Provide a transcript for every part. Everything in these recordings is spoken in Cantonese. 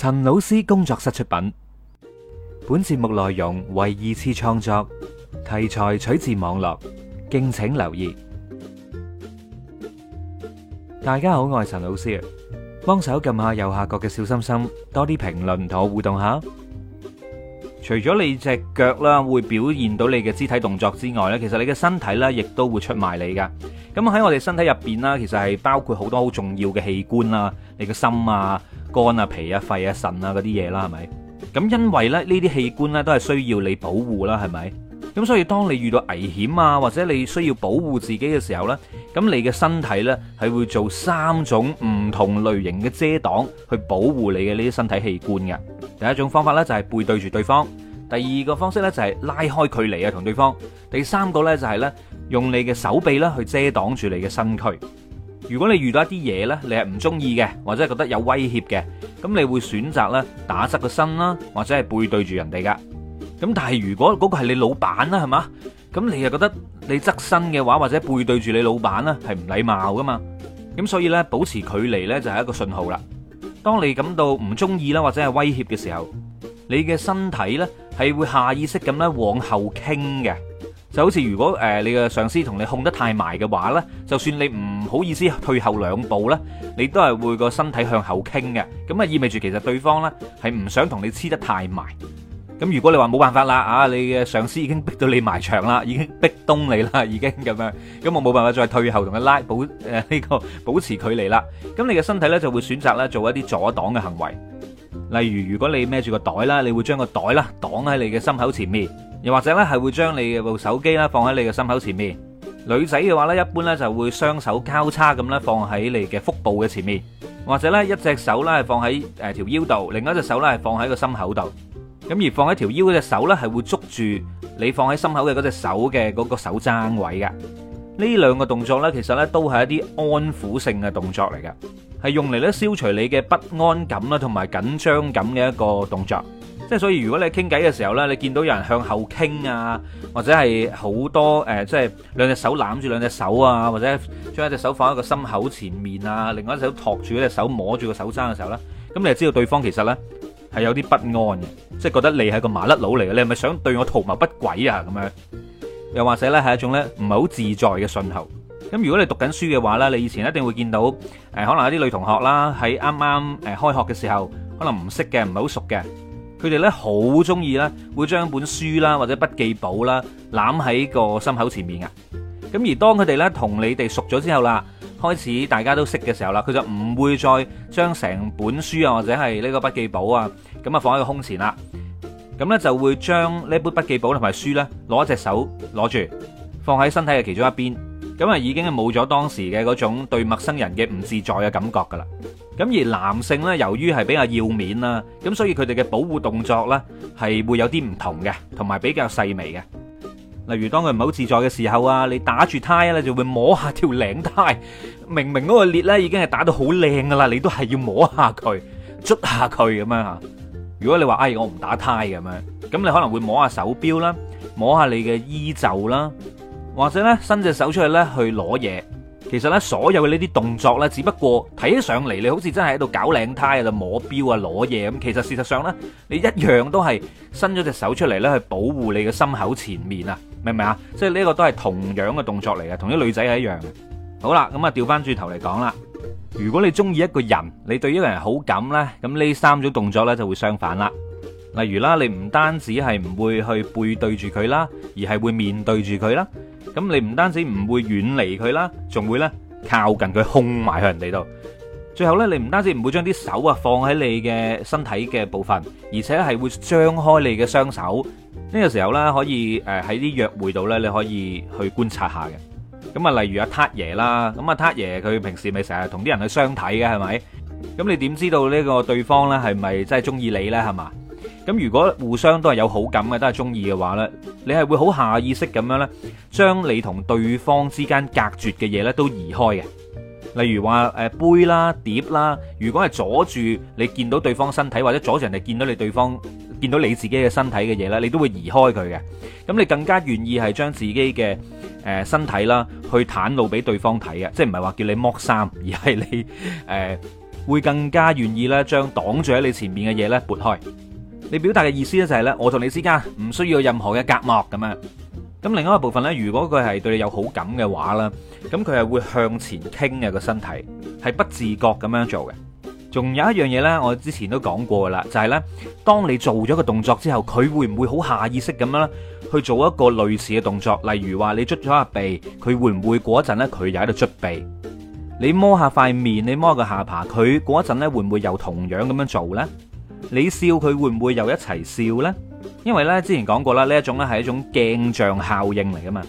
陳老師工作室出品，本節目內容為二次創作，題材取自網絡，敬請留意。大家好，我係陳老師，幫手撳下右下角嘅小心心，多啲評論同我互動下。除咗你隻腳啦，會表現到你嘅肢體動作之外咧，其實你嘅身體咧，亦都會出賣你噶。咁喺我哋身體入邊啦，其實係包括好多好重要嘅器官啦，你嘅心啊。肝啊、脾啊、肺啊、腎啊嗰啲嘢啦，係咪？咁因為咧，呢啲器官呢都係需要你保護啦，係咪？咁所以當你遇到危險啊，或者你需要保護自己嘅時候呢，咁你嘅身體呢，係會做三種唔同類型嘅遮擋去保護你嘅呢啲身體器官嘅。第一種方法呢，就係背對住對方，第二個方式呢，就係拉開距離啊同對方，第三個呢，就係呢用你嘅手臂咧去遮擋住你嘅身軀。如果你遇到一啲嘢呢，你係唔中意嘅，或者係覺得有威脅嘅，咁你會選擇呢打側個身啦，或者係背對住人哋噶。咁但係如果嗰個係你老闆啦，係嘛，咁你又覺得你側身嘅話，或者背對住你老闆呢，係唔禮貌噶嘛。咁所以呢，保持距離呢，就係一個信號啦。當你感到唔中意啦，或者係威脅嘅時候，你嘅身體呢，係會下意識咁呢，往後傾嘅。就好似如果誒你嘅上司同你控得太埋嘅話呢，就算你唔好意思退後兩步呢，你都係會個身體向後傾嘅，咁啊，意味住其實對方呢係唔想同你黐得太埋。咁如果你話冇辦法啦啊，你嘅上司已經逼到你埋牆啦，已經逼東你啦，已經咁樣，咁我冇辦法再退後同佢拉保呢、呃呢個保持距離啦。咁你嘅身體呢，就會選擇呢做一啲阻擋嘅行為，例如如果你孭住個袋啦，你會將個袋啦擋喺你嘅心口前面。又或者咧，係會將你嘅部手機啦放喺你嘅心口前面。女仔嘅話咧，一般咧就會雙手交叉咁咧放喺你嘅腹部嘅前面，或者咧一隻手咧係放喺誒條腰度，另外一隻手咧係放喺個心口度。咁而放喺條腰嗰隻手咧係會捉住你放喺心口嘅嗰隻手嘅嗰個手踭位嘅。呢兩個動作咧，其實咧都係一啲安撫性嘅動作嚟嘅，係用嚟咧消除你嘅不安感啦，同埋緊張感嘅一個動作。即所以，如果你傾偈嘅時候呢，你見到有人向後傾啊，或者係好多誒、呃，即是兩隻手攬住兩隻手啊，或者將一隻手放喺個心口前面啊，另外一隻手托住一隻手摸住個手生嘅時候呢，咁你就知道對方其實呢係有啲不安嘅，即係覺得你係個麻甩佬嚟嘅，你係咪想對我圖謀不軌啊？咁樣又或者呢係一種呢唔係好自在嘅信號。咁如果你讀緊書嘅話呢，你以前一定會見到、呃、可能有啲女同學啦，喺啱啱開學嘅時候，可能唔識嘅，唔係好熟嘅。佢哋咧好中意咧，會將本書啦或者筆記簿啦攬喺個心口前面噶。咁而當佢哋咧同你哋熟咗之後啦，開始大家都識嘅時候啦，佢就唔會再將成本書啊或者係呢個筆記簿啊咁啊放喺個胸前啦。咁咧就會將呢本筆記簿同埋書咧攞一隻手攞住放喺身體嘅其中一邊。咁啊已經係冇咗當時嘅嗰種對陌生人嘅唔自在嘅感覺噶啦。咁而男性咧，由於係比較要面啦，咁所以佢哋嘅保護動作咧，係會有啲唔同嘅，同埋比較細微嘅。例如當佢唔係好自在嘅時候啊，你打住呔咧就會摸下條領呔，明明嗰個裂咧已經係打到好靚噶啦，你都係要摸下佢，捽下佢咁樣嚇。如果你話哎呀我唔打呔咁樣，咁你可能會摸下手錶啦，摸下你嘅衣袖啦，或者咧伸隻手出去咧去攞嘢。其實咧，所有呢啲動作咧，只不過睇起上嚟你好似真係喺度搞領呔啊、摸表啊、攞嘢咁，其實事實上咧，你一樣都係伸咗隻手出嚟咧去保護你嘅心口前面啊，明唔明啊？即係呢一個都係同樣嘅動作嚟嘅，同啲女仔係一樣嘅。好啦，咁啊調翻轉頭嚟講啦，如果你中意一個人，你對呢個人好感咧，咁呢三種動作咧就會相反啦。例如啦，你唔單止係唔會去背對住佢啦，而係會面對住佢啦。咁你唔單止唔會遠離佢啦，仲會咧靠近佢，控埋喺人哋度。最後咧，你唔單止唔會將啲手啊放喺你嘅身體嘅部分，而且係會張開你嘅雙手。呢個時候咧，可以誒喺啲約會度咧，你可以去觀察下嘅。咁啊，例如阿 Tat 爺啦，咁阿 Tat 爺佢平時咪成日同啲人去相睇嘅係咪？咁你點知道呢個對方咧係咪真係中意你咧？係嘛？咁如果互相都係有好感嘅，都係中意嘅話呢，你係會好下意識咁樣呢，將你同對方之間隔絕嘅嘢呢，都移開嘅。例如話杯啦、碟啦，如果係阻住你見到對方身體，或者阻住人哋見到你對方見到你自己嘅身體嘅嘢呢，你都會移開佢嘅。咁你更加願意係將自己嘅身體啦，去袒露俾對方睇嘅，即係唔係話叫你剝衫，而係你、呃、會更加願意呢，將擋住喺你前面嘅嘢呢撥開。你表達嘅意思咧就係咧，我同你之間唔需要任何嘅隔膜咁樣。咁另外一個部分呢，如果佢係對你有好感嘅話啦，咁佢係會向前傾嘅個身體，係不自覺咁樣做嘅。仲有一樣嘢呢，我之前都講過啦，就係呢：當你做咗個動作之後，佢會唔會好下意識咁樣去做一個類似嘅動作？例如話你捽咗下鼻，佢會唔會過一陣呢，佢又喺度捽鼻？你摸下塊面，你摸個下巴，佢一陣呢，會唔會又同樣咁樣做呢？你笑佢會唔會又一齊笑呢？因為呢之前講過啦，呢一種呢係一種鏡像效應嚟噶嘛。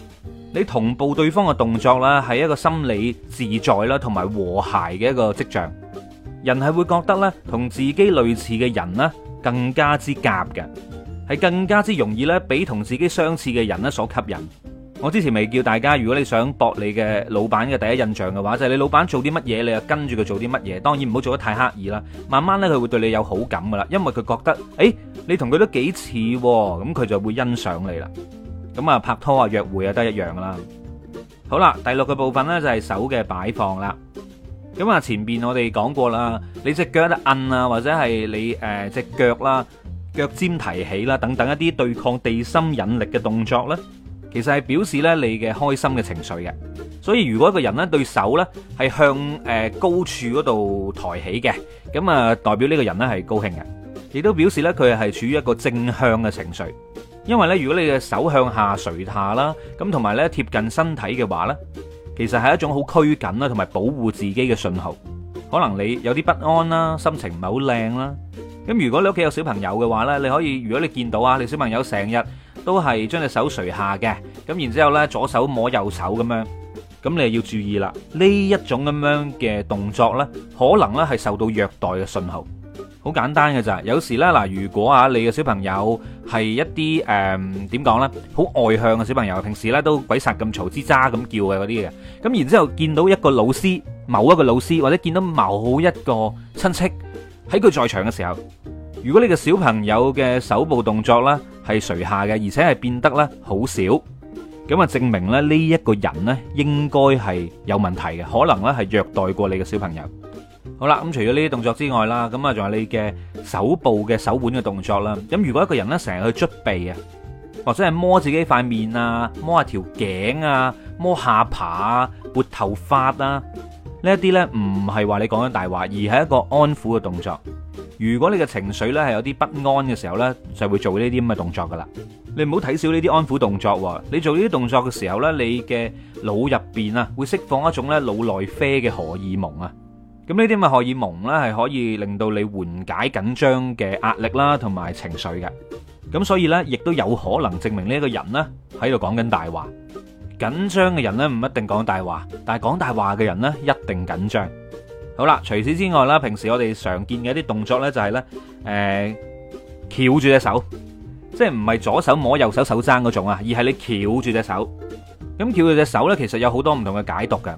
你同步對方嘅動作咧，係一個心理自在啦，同埋和諧嘅一個跡象。人係會覺得呢，同自己類似嘅人呢，更加之夾嘅，係更加之容易呢，俾同自己相似嘅人呢所吸引。我之前未叫大家，如果你想搏你嘅老闆嘅第一印象嘅話，就係、是、你老闆做啲乜嘢，你就跟住佢做啲乜嘢。當然唔好做得太刻意啦，慢慢呢，佢會對你有好感噶啦，因為佢覺得，誒、欸、你同佢都幾似，咁佢就會欣賞你啦。咁啊，拍拖啊、約會啊都係一樣噶啦。好啦，第六個部分呢，就係手嘅擺放啦。咁啊，前邊我哋講過啦，你隻腳得按啊，或者係你誒隻、呃、腳啦、腳尖提起啦等等一啲對抗地心引力嘅動作咧。其實係表示咧你嘅開心嘅情緒嘅，所以如果一個人咧對手咧係向誒高處嗰度抬起嘅，咁啊代表呢個人咧係高興嘅，亦都表示咧佢係處於一個正向嘅情緒。因為咧如果你嘅手向下垂下啦，咁同埋咧貼近身體嘅話咧，其實係一種好拘謹啦，同埋保護自己嘅信號。可能你有啲不安啦，心情唔係好靚啦。咁如果你屋企有小朋友嘅話咧，你可以如果你見到啊你小朋友成日。都係將隻手垂下嘅，咁然之後咧，左手摸右手咁樣，咁你又要注意啦。呢一種咁樣嘅動作咧，可能咧係受到虐待嘅信號。好簡單嘅咋，有時咧嗱，如果啊你嘅小朋友係一啲誒點講咧，好外向嘅小朋友，平時咧都鬼殺咁嘈之喳咁叫嘅嗰啲嘅，咁然之後見到一個老師，某一個老師或者見到某一個親戚喺佢在場嘅時候，如果你嘅小朋友嘅手部動作咧。係垂下嘅，而且係變得咧好少，咁啊證明咧呢一個人咧應該係有問題嘅，可能咧係虐待過你嘅小朋友。好啦，咁除咗呢啲動作之外啦，咁啊仲有你嘅手部嘅手腕嘅動作啦。咁如果一個人咧成日去捽鼻啊，或者係摸自己塊面啊，摸下條頸啊，摸下巴啊，撥頭髮啊，呢一啲呢唔係話你講緊大話，而係一個安撫嘅動作。如果你嘅情緒咧係有啲不安嘅時候咧，就會做呢啲咁嘅動作噶啦。你唔好睇少呢啲安撫動作喎。你做呢啲動作嘅時候咧，你嘅腦入邊啊會釋放一種咧腦內啡嘅荷爾蒙啊。咁呢啲咁嘅荷爾蒙咧係可以令到你緩解緊張嘅壓力啦，同埋情緒嘅。咁所以咧，亦都有可能證明呢個人咧喺度講緊大話。緊張嘅人咧唔一定講大話，但係講大話嘅人咧一定緊張。好啦，除此之外啦，平時我哋常見嘅一啲動作咧，就是，就係咧，誒，翹住隻手，即係唔係左手摸右手手踭嗰種啊，而係你翹住隻手。咁翹住隻手咧，其實有好多唔同嘅解讀嘅。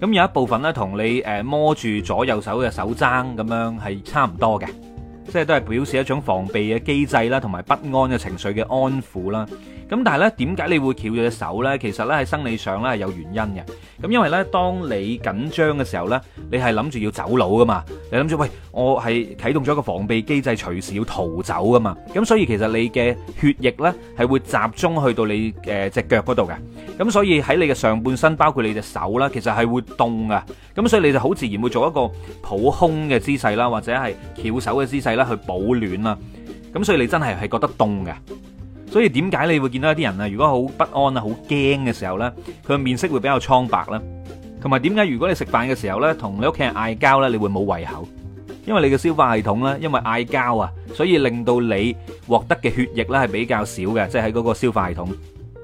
咁有一部分咧，同你誒摸住左右手嘅手踭咁樣係差唔多嘅，即係都係表示一種防備嘅機制啦，同埋不安嘅情緒嘅安撫啦。咁但係咧，點解你會翹咗隻手呢？其實呢，喺生理上呢，係有原因嘅。咁因為呢，當你緊張嘅時候呢，你係諗住要走佬噶嘛，你諗住喂，我係啟動咗個防備機制，隨時要逃走噶嘛。咁所以其實你嘅血液呢，係會集中去到你誒隻腳嗰度嘅。咁所以喺你嘅上半身，包括你隻手啦，其實係會凍噶。咁所以你就好自然會做一個抱胸嘅姿勢啦，或者係翹手嘅姿勢啦，去保暖啦。咁所以你真係係覺得凍嘅。所以點解你會見到一啲人啊，如果好不安啊、好驚嘅時候咧，佢嘅面色會比較蒼白啦。同埋點解如果你食飯嘅時候咧，同你屋企人嗌交咧，你會冇胃口？因為你嘅消化系統咧，因為嗌交啊，所以令到你獲得嘅血液咧係比較少嘅，即係喺嗰個消化系統，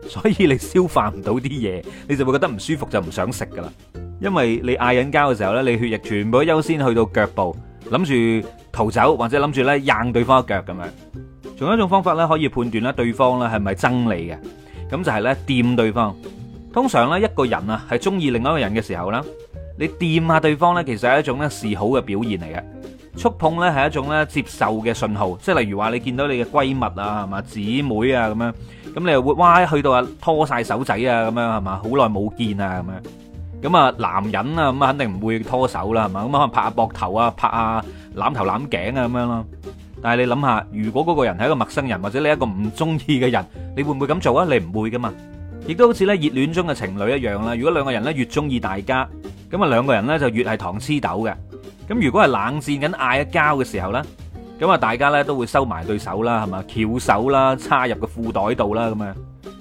所以你消化唔到啲嘢，你就會覺得唔舒服，就唔想食噶啦。因為你嗌緊交嘅時候咧，你血液全部優先去到腳部，諗住逃走或者諗住咧硬對方一腳咁樣。仲有一種方法咧，可以判斷咧對方咧係咪憎你嘅，咁就係咧掂對方。通常咧一個人啊係中意另外一個人嘅時候咧，你掂下對方咧，其實係一種咧示好嘅表現嚟嘅。觸碰咧係一種咧接受嘅信號，即係例如話你見到你嘅閨蜜啊，係嘛姊妹啊咁樣，咁你又會哇去到啊拖晒手仔啊咁樣係嘛，好耐冇見啊咁樣，咁啊男人啊咁啊肯定唔會拖手啦係嘛，咁啊可能拍下膊頭啊，拍下攬頭攬頸啊咁樣咯。但係你諗下，如果嗰個人係一個陌生人，或者你一個唔中意嘅人，你會唔會咁做啊？你唔會噶嘛。亦都好似咧熱戀中嘅情侶一樣啦。如果兩個人咧越中意大家，咁啊兩個人咧就越係糖黐豆嘅。咁如果係冷戰緊嗌一交嘅時候咧，咁啊大家咧都會收埋對手啦，係咪？翹手啦，插入個褲袋度啦咁樣。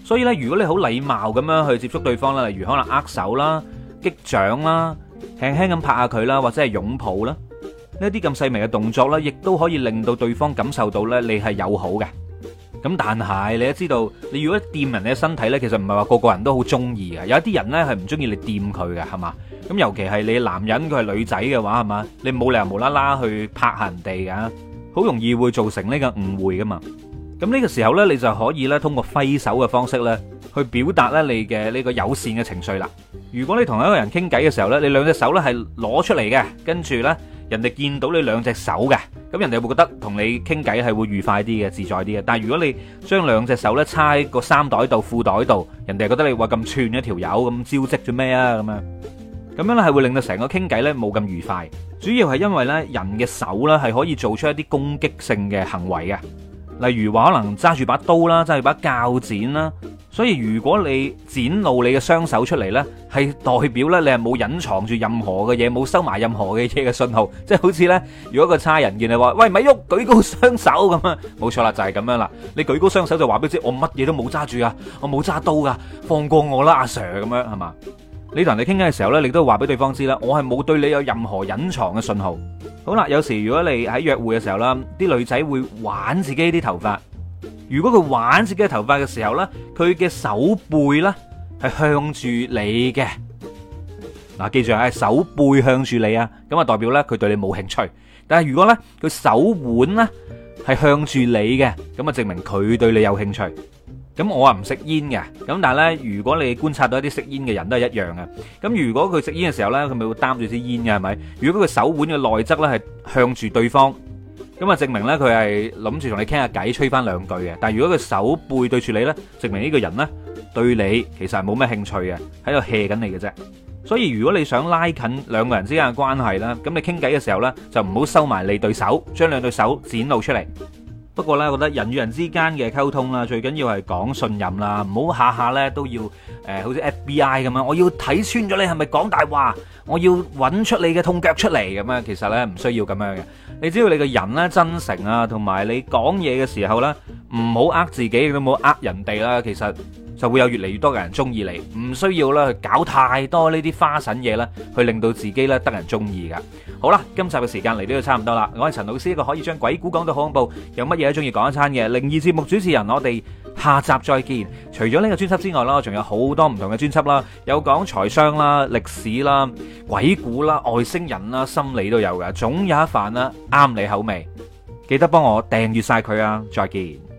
所以咧，如果你好禮貌咁樣去接觸對方啦，例如可能握手啦、擊掌啦、輕輕咁拍下佢啦，或者係擁抱啦。呢一啲咁細微嘅動作咧，亦都可以令到對方感受到咧，你係友好嘅。咁但係你都知道，你如果掂人嘅身體咧，其實唔係話個個人都好中意嘅。有一啲人咧係唔中意你掂佢嘅，係嘛？咁尤其係你男人，佢係女仔嘅話，係嘛？你冇理由無啦啦去拍人哋嘅，好容易會造成呢個誤會噶嘛。咁呢個時候咧，你就可以咧通過揮手嘅方式咧，去表達咧你嘅呢個友善嘅情緒啦。如果你同一個人傾偈嘅時候咧，你兩隻手咧係攞出嚟嘅，跟住咧。人哋見到你兩隻手嘅，咁人哋會覺得同你傾偈係會愉快啲嘅，自在啲嘅。但係如果你將兩隻手咧叉喺個衫袋度，褲袋度，人哋係覺得你話咁串一條友咁招積做咩啊？咁樣咁樣咧係會令到成個傾偈咧冇咁愉快。主要係因為咧人嘅手咧係可以做出一啲攻擊性嘅行為嘅，例如話可能揸住把刀啦，揸住把鉸剪啦。所以如果你展露你嘅雙手出嚟咧，係代表咧你係冇隱藏住任何嘅嘢，冇收埋任何嘅嘢嘅信號，即係好似咧，如果個差人見你話喂，咪喐，舉高雙手咁啊，冇錯啦，就係咁樣啦，你舉高雙手就話俾佢知我乜嘢都冇揸住啊，我冇揸刀噶，放過我啦，阿 Sir 咁樣係嘛？你同人哋傾偈嘅時候咧，你都話俾對方知啦，我係冇對你有任何隱藏嘅信號。好啦，有時如果你喺約會嘅時候啦，啲女仔會玩自己啲頭髮。如果佢玩自己嘅頭髮嘅時候咧，佢嘅手背咧係向住你嘅，嗱記住係手背向住你啊，咁啊代表咧佢對你冇興趣。但係如果咧佢手腕咧係向住你嘅，咁啊證明佢對你有興趣。咁我啊唔食煙嘅，咁但係咧如果你觀察到一啲食煙嘅人都係一樣嘅。咁如果佢食煙嘅時候咧，佢咪會擔住支煙嘅係咪？如果佢手腕嘅內側咧係向住對方。咁啊，證明咧佢係諗住同你傾下偈，吹翻兩句嘅。但係如果佢手背對住你呢，證明呢個人呢，對你其實係冇咩興趣嘅，喺度 hea 緊你嘅啫。所以如果你想拉近兩個人之間嘅關係啦，咁你傾偈嘅時候呢，就唔好收埋你對手，將兩對手展露出嚟。不過呢，我覺得人與人之間嘅溝通啦，最緊要係講信任啦，唔好下下呢都要誒、呃，好似 FBI 咁樣，我要睇穿咗你係咪講大話，我要揾出你嘅痛腳出嚟咁樣。其實呢，唔需要咁樣嘅。你只要你個人咧，真誠啊，同埋你講嘢嘅時候咧，唔好呃自己，都冇呃人哋啦。其實，就會有越嚟越多嘅人中意你，唔需要啦，搞太多呢啲花神嘢啦，去令到自己咧得人中意噶。好啦，今集嘅時間嚟到就差唔多啦，我係陳老師，一個可以將鬼故講到好恐怖，有乜嘢都中意講一餐嘅靈異節目主持人。我哋下集再見。除咗呢個專輯之外啦，仲有好多唔同嘅專輯啦，有講財商啦、歷史啦、鬼故啦、外星人啦、心理都有噶，總有一份啦啱你口味。記得幫我訂閱晒佢啊！再見。